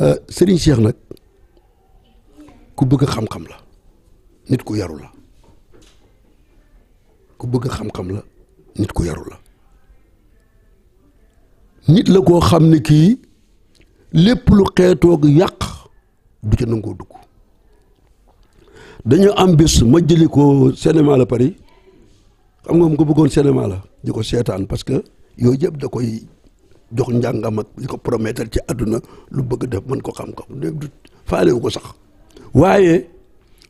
Euh, Serigne Cheikh nag ku bëgg xam-xam la nit ku yaru la ku bëgg xam-xam la nit ku yaru la nit la koo xam ne kii lépp lu xeetoog yàq du ca nangoo dugg dañoo am bés ma jëli ko cinéma la Paris xam nga mu ko bëggoon cinéma la di seetaan parce que yooyu yëpp da koy jox njàngam ak li ko promettre ci àdduna lu bëgg def mën ko xam-xam dé du faalewu ko sax waaye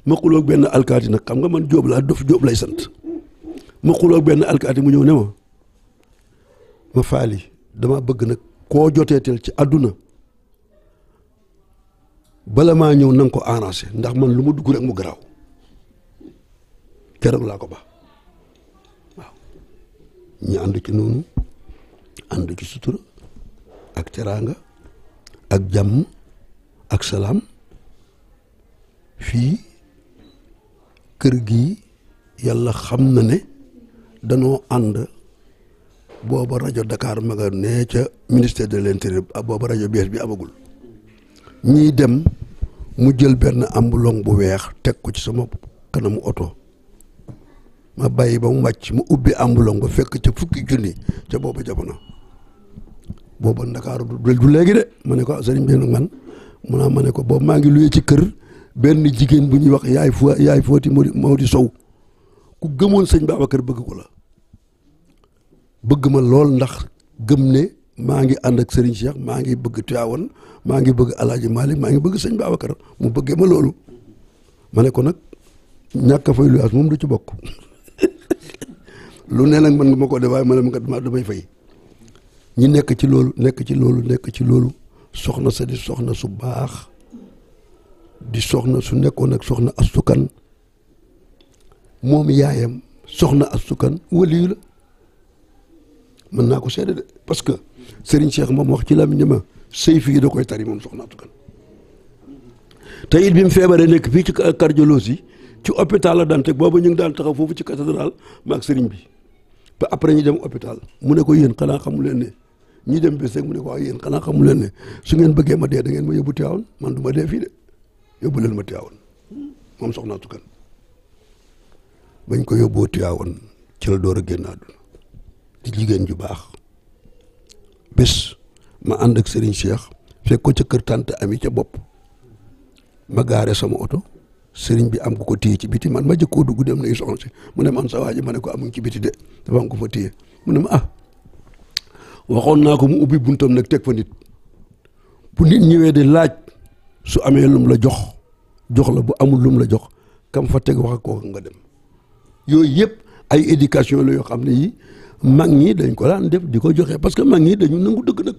ma xuloog benn alkaati nag xam nga man jóob laa dof jóob lay sant ma xuloog benn alkaati mu ñëw ne ma ma faali dama bëgg nag koo jotee joteetel ci àdduna bala maa ñëw na ko arrangé ndax man lu mu dugg rek mu garaw keroog laa ko baax waaw ñu ci noonu ànd ci sutura ak ceraanga ak jàmm ak salaam fii kër gi yàlla xam na ne danoo ànd booba rajo Dakar magane ca ministère de l'intérieur ah, booba rajo bees bi abagul ñiy dem mu jël benn ambulong bu weex teg ko ci sama kanamu oto ma bàyyi ba mu wàcc mu ubbi ambulong ba fekk ca fukki junni ca booba jamono booba Ndakaaru du léegi de ma ne ko ah, sëriñ bi nag man mu naa ma ne ko boobu maa ngi luyee ci kër benn jigéen bu ñuy wax yaay foo yaay footi moo di moo di sow ku gëmoon sëñ kër bëgg ko la bëgg ma lool ndax gëm ne maa ngi ànd ak sëriñ Cheikh maa ngi bëgg Tiwaawan maa ngi bëgg Alaaji Malick maa ngi bëgg sëñ kër mu bëggee ma loolu ma ne ko nag ñàkk fay luyaas moom du ci bokk lu ne nag man nga ma ko def waaye ma ne ma damay fay ñi nekk ci loolu nekk ci loolu nekk ci loolu soxna sa soxna su baax di soxna su nekkoon ak soxna astukan moom yaayam soxna astukan waliyu la mën naa ko seede de parce que Serigne Cheikh moom wax ci làmmiñam ma sëy yi da koy tari moom soxna astukan te it bi mu feebaree nekk fii ci cardiologie ci hôpital la daan teg boobu ñu ngi daan taxaw foofu ci cathédrale maag Serigne bi ba après ñu dem hôpital mu ne ko yéen xanaa xamu leen ne ñi dem bés rek mu ne ko waaw ah, yéen xanaa xamu leen ne su ngeen bëggee ma dee da ngeen ma yóbbu Tiwaawan man du ma dee fii de yóbbu leen ma Tiwaawan moom soxna Astu Kan bañ ko yóbboo Tiwaawan ci la door a génn àdduna di jigéen ju baax bés ma ànd ak Serigne Cheikh fekk ko ca kër tante ami ca bopp ma gaare sama oto sëriñ bi am ko ko téye ci biti man ma jëkkoo dugg dem na soxna si mu ne man sa waa ji ma ne ko amuñ ah, ci biti de dafa am ko fa ma ah, waxoon naa ko mu ubbi buntam nag teg fa nit bu nit ñëwee di laaj su amee lum la jox jox la bu amul lum la jox kam fa teg wax ak kooku nga dem yooyu yëpp ay éducation la yoo xam ne yi mag ñi dañ ko daan def di ko joxe parce que mag ñi dañu nangu dëgg nag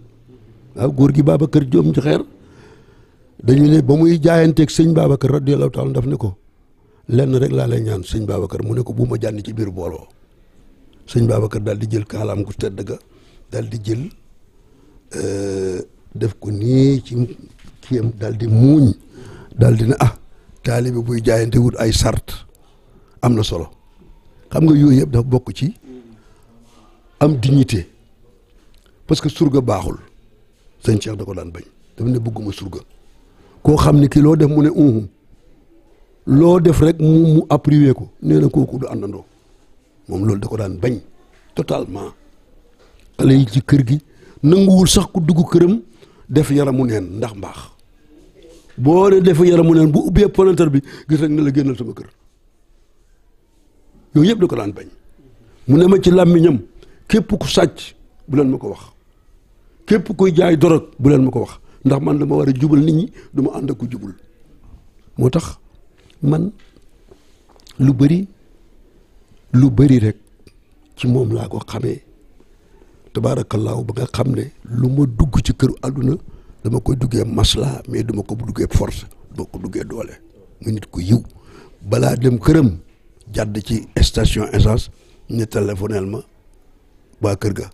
waaw góor gi Babacar Diome Ndiakhère dañu ne ba muy jaayanteeg sëñ baaba Babacar radiyallahu taala daf ne ko lenn rek laa lay ñaan sëñ kër mu ne ko bu ma jànni ci biir booloo sëñ Babacar daal di jël kaalaam gu tedd ga daal di jël euh, def ko nii ci kiyam daal di muuñ daal di na ah taalibe buy jaayante ay sart am na solo xam nga yooyu yëpp dafa bokk ci am dignité parce que surga baaxul sëñ Cheikh da ko daan bañ dafa ne bëgguma surga koo xam ne kii loo def mu ne uhu loo def rek mu mu apprivé ko nee na kooku du àndandoo moom loolu da ko daan bañ totalement xale yi ci kër gi nanguwul sax ku dugg këram def yaramu neen ndax mbaax boo dee def yaramu neen bu ubbee palanteer bi gis rek ne la génnal sama kër yooyu yëpp da ko daan bañ mu ne ma ci làmmiñam képp ku sàcc bu leen ma ko wax képp kuy jaay dorog bu leen ma ko wax ndax man dama war a jubal nit ñi du ma ànd ak ku jubul moo tax man lu bari lu bari rek ci moom laa ko xamee tabaarakallaahu ba nga xam ne lu ma dugg ci këru àdduna dama koy duggee masla mais dama ko duggee force dama ko duggee doole mu nit ko yiw balaa dem këram jàdd ci station essence ñu téléphoneel ma waa kër ga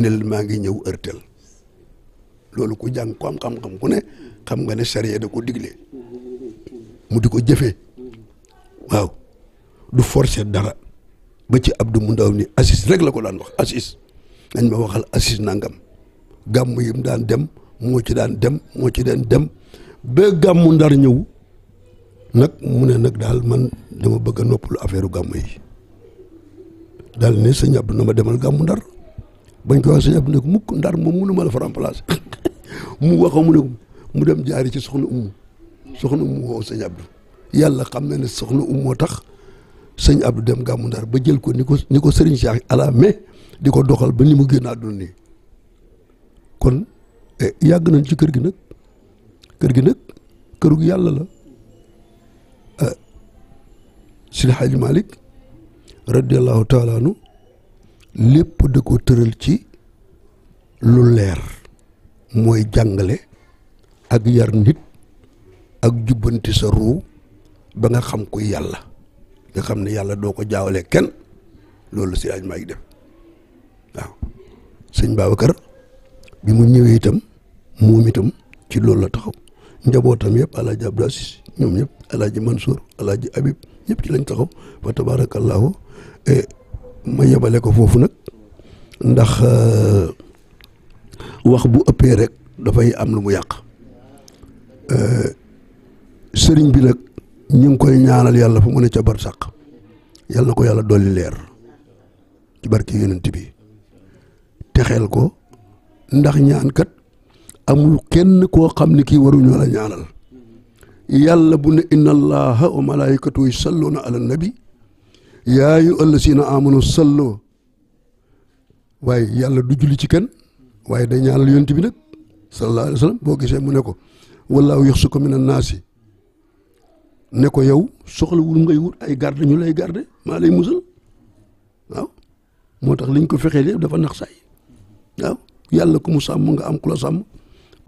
nel maa ngi ñëw ërtel loolu ku jàng ko am xam-xam ku ne xam nga ne sariya da ko digle mu di ko jëfe waaw du forcer dara ba ci Abdou mu ndaw ni Aziz rek la ko daan wax Aziz nañ ma waxal Aziz nangam gàmm yi mu daan dem moo ci daan dem moo ci daan dem ba gàmmu ndar ñëw nag mu ne nag daal man dama bëgg a noppalu affaire gàmm yi daal ne sëñ Abdou na ma demal gàmmu ndar bañ ko wax sëñ nag mukk ndar moom mënu ma la fa mu wax mu ne mu dem jaari ci soxna Umu soxna Umu woo sëñ Abdou yàlla xam na ne soxna Umu moo tax sëñ Abdou dem gàmmu ndar ba jël ko ni ko ni ko sëriñ Cheikh ala di ko doxal ba ni mu génn àdduna nii kon eh, yàgg nañ ci kër gi nag kër gi nag këru yàlla la eh, Seydi Hadji Malick lépp da ko tëral ci lu leer mooy jàngale ak yar nit ak jubbanti sa ruu ba nga xam ko yàlla nga xam ne yàlla doo ko jaawale kenn loolu la Seydi Hadji def waaw sëñ Babacar bi mu ñëwee itam moom itam ci loolu la taxaw njabootam yëpp El Hadj Abdou ñoom ñëpp El Hadj Mansour El Hadj Habib ñëpp ci lañ taxaw fa tabaarakallaahu e, ma yebale ko foofu nag ndax e, wax bu ëppee rek dafay am lu mu yàq e, sëriñ bi nag ñu ngi koy ñaanal yàlla fu mu ne ca barsàq yàlla ko yàlla dolli leer ci barke yonent bi texeel ko ndax ñaan kat amul kenn koo xam ne kii waruñoo la ñaanal yàlla bu ne inna allaha wa malaikatu yusalluuna ala nabi yaa yu allazina amanu sallu waaye yàlla du julli ci kenn waaye day ñaanal yonent bi nag sallallahu alayhi sallam boo gisee mu ne ko wallaahu yaxsuka min annaasi ne ko yow soxlawul ngay wut ay garde ñu lay garde maa lay musal waaw moo tax liñ ko fexee lépp dafa nax saay waaw yàlla ku mu sàmm nga am ku la sàmm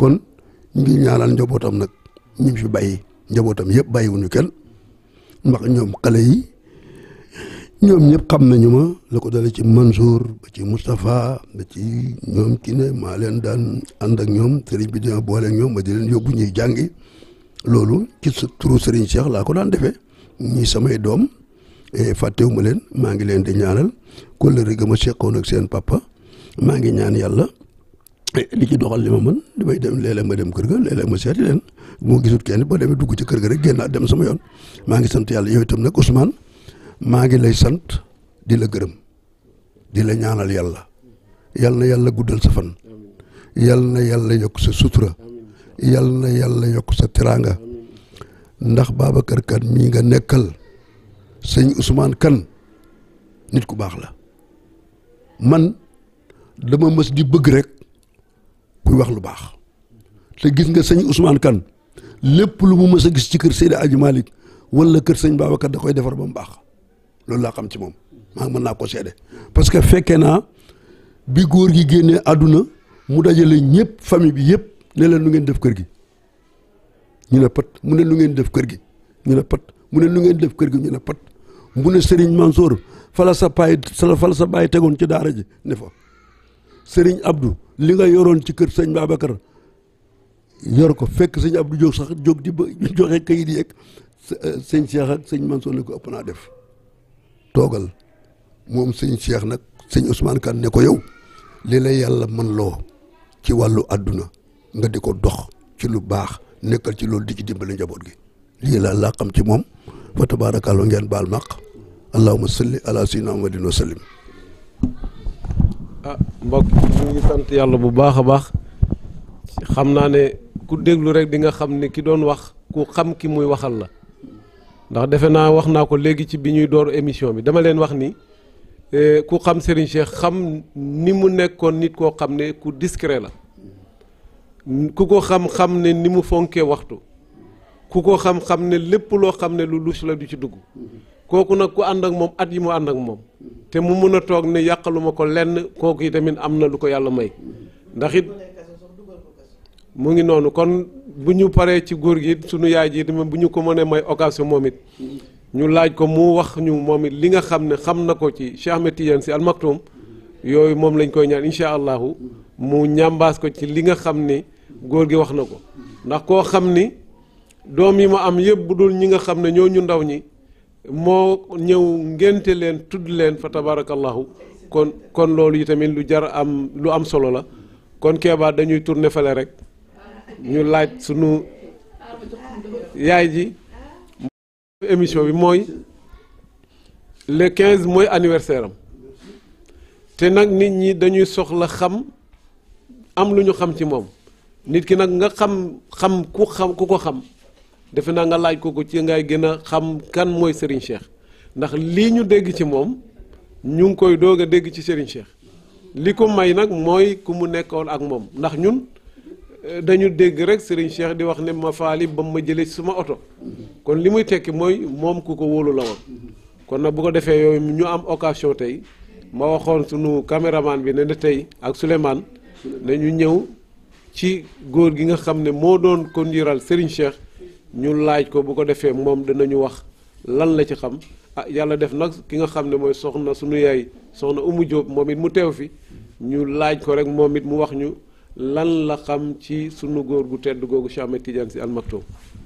kon ñu ngi ñaanal njabootam nag ñu fi bàyyi njabootam yëpp bàyyiwuñu kenn ndax ñoom xale yi ñoom ñëpp xam nañu ma la ko dale ci Mansour ba ci Moustapha ba ci ñoom Kiné maa leen daan ànd ak ñoom sëriñ bi di boole ak ñoom ma di leen yóbbu ñuy jàngi loolu ci sa turu sëriñ Cheikh laa ko daan defee samay doom eh, fàttewuma leen maa ngi leen di ñaanal kóllëre ga ma seqoon ak seen pappa maa ngi ñaan yàlla ki eh, ci doxal li ma mën damay dem léeg-léeg ma dem kër ga léeg-léeg ma seeti leen bu ma gisul kenn boo demee dugg ci kër ga rek génnaat dem sama yoon maa ngi sant yàlla yow itam nag Ousmane maa ngi lay sant di la gërëm di la ñaanal yàlla yal na yàlla guddal sa fan yal na yàlla yokk sa sutura yal na yàlla yokk sa teraanga ndax Babacar Kane mii nga nekkal sëñ Ousmane Kane nit ku baax la man. dama mës di bëgg rek kuy wax lu baax te gis nga sëñ Ousmane Kane lépp lu mu mës a gis ci kër Seydi Aji Malick wala kër sëñ Babacar da koy defar ba mu baax loolu laa xam ci moom maa mën naa ko seede parce que fekkee naa bi góor gi génne àdduna mu dajale ñëpp famille bi yëpp ne leen nu ngeen def kër gi ñu ne pat mu ne nu ngeen def kër gi ñu ne pat mu ne nu ngeen def kër gi ñu ne pat mu ne Serigne Mansour fala sa paay fala sa baay tegoon ci daara ji ne fa sëriñ abdu li nga yoroon ci kër sëñ Babacar yor ko fekk sëñ Abdou jóg sax di ba joxe kayit yeeg sëñ euh, Cheikh ak sëñ ne ko ëpp naa def toogal moom sëñ Cheikh nag sëñ Ousmane ne ko yow li la yàlla man loo ci wàllu àdduna nga di ko dox ci lu baax nekkal ci loolu di ci dimbali njaboot gi lii laa laa xam ci moom fa tabaarakallaa ngeen baal maq allahumma salli ala sayyidina muhammadin wa sallim ah mbokk ñu ngi sant yàlla bu baax a baax xam naa ne ku déglu rek di nga xam ne ki doon wax ku xam ki muy waxal la ndax defe naa wax naa ko léegi ci bi ñuy door émission bi dama leen wax ni eh, ku xam seriñ Cheikh xam ni mu nekkoon nit koo xam ne ku discret la ku ko xam-xam ne ni mu fonkee waxtu ku ko xam-xam ne lépp loo xam ne lu lus la du ci dugg kooku nag ku ànd ak moom at yi mu ànd ak moom te mu mën a toog ni yàqaluma ko lenn kooku yi tamit am na lu ko yàlla may ndax it mu ngi noonu kon bu ñu paree ci góor gi sunu yaay ji tamit bu ñu ko mënee may occasion moom it ñu laaj ko mu wax ñu moom it li nga xam ne xam na ko ci Cheikh Ahmed Tidiane Sy yooyu moom lañ koy ñaan incha allahu mu ñambaas ko ci li nga xam ne góor gi wax na ko ndax koo xam ni doom yi ma am yëpp bu dul ñi nga xam ne ñoo ñu ndaw ñi moo ñëw ngénte leen tudd leen fa tabarakallahu kon kon loolu yi tamit lu jar am lu am solo la kon Kéba dañuy tourner fale rek ñu laaj sunu yaay ji émission bi mooy le quinze mooy anniversaire am te nag nit ñi dañuy soxla xam am lu ñu xam ci moom nit ki nag nga xam xam xam ku ko xam defe naa nga laaj ko ko ci ngay gën a xam kan mooy Serigne Cheikh ndax lii ñu dégg ci moom ñu ngi koy doog a dégg ci Serigne Cheikh li ko may nag mooy ku mu nekkoon ak moom ndax ñun eh, dañu dégg rek Serigne Cheikh di wax ne ma faali ba ma jëlee ci suma oto kon li muy tekki mooy moom ku ko wóolu la woon kon nag bu ko defee yooyu ñu am occasion tey ma waxoon sunu caméraman bi ne na tey ak Souleymane nañu ñëw ci góor gi nga xam ne moo doon kon conduiral Serigne Cheikh. ñu laaj ko bu ko defee moom dinañu wax lan la ci xam ah yàlla def nag ki nga xam ne mooy soxna sunu yaay soxna Umu Jóob moom it mu teew fii ñu laaj ko rek moom it mu wax ñu lan la xam ci sunu góor gu tedd googu Cheikh Ahmed Tidiane Sy Al Maktoum